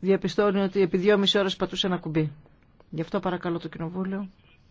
διαπιστώνει ότι επί δυόμιση ώρες πατούσε ένα κουμπί. Γι' αυτό παρακαλώ το Κοινοβούλιο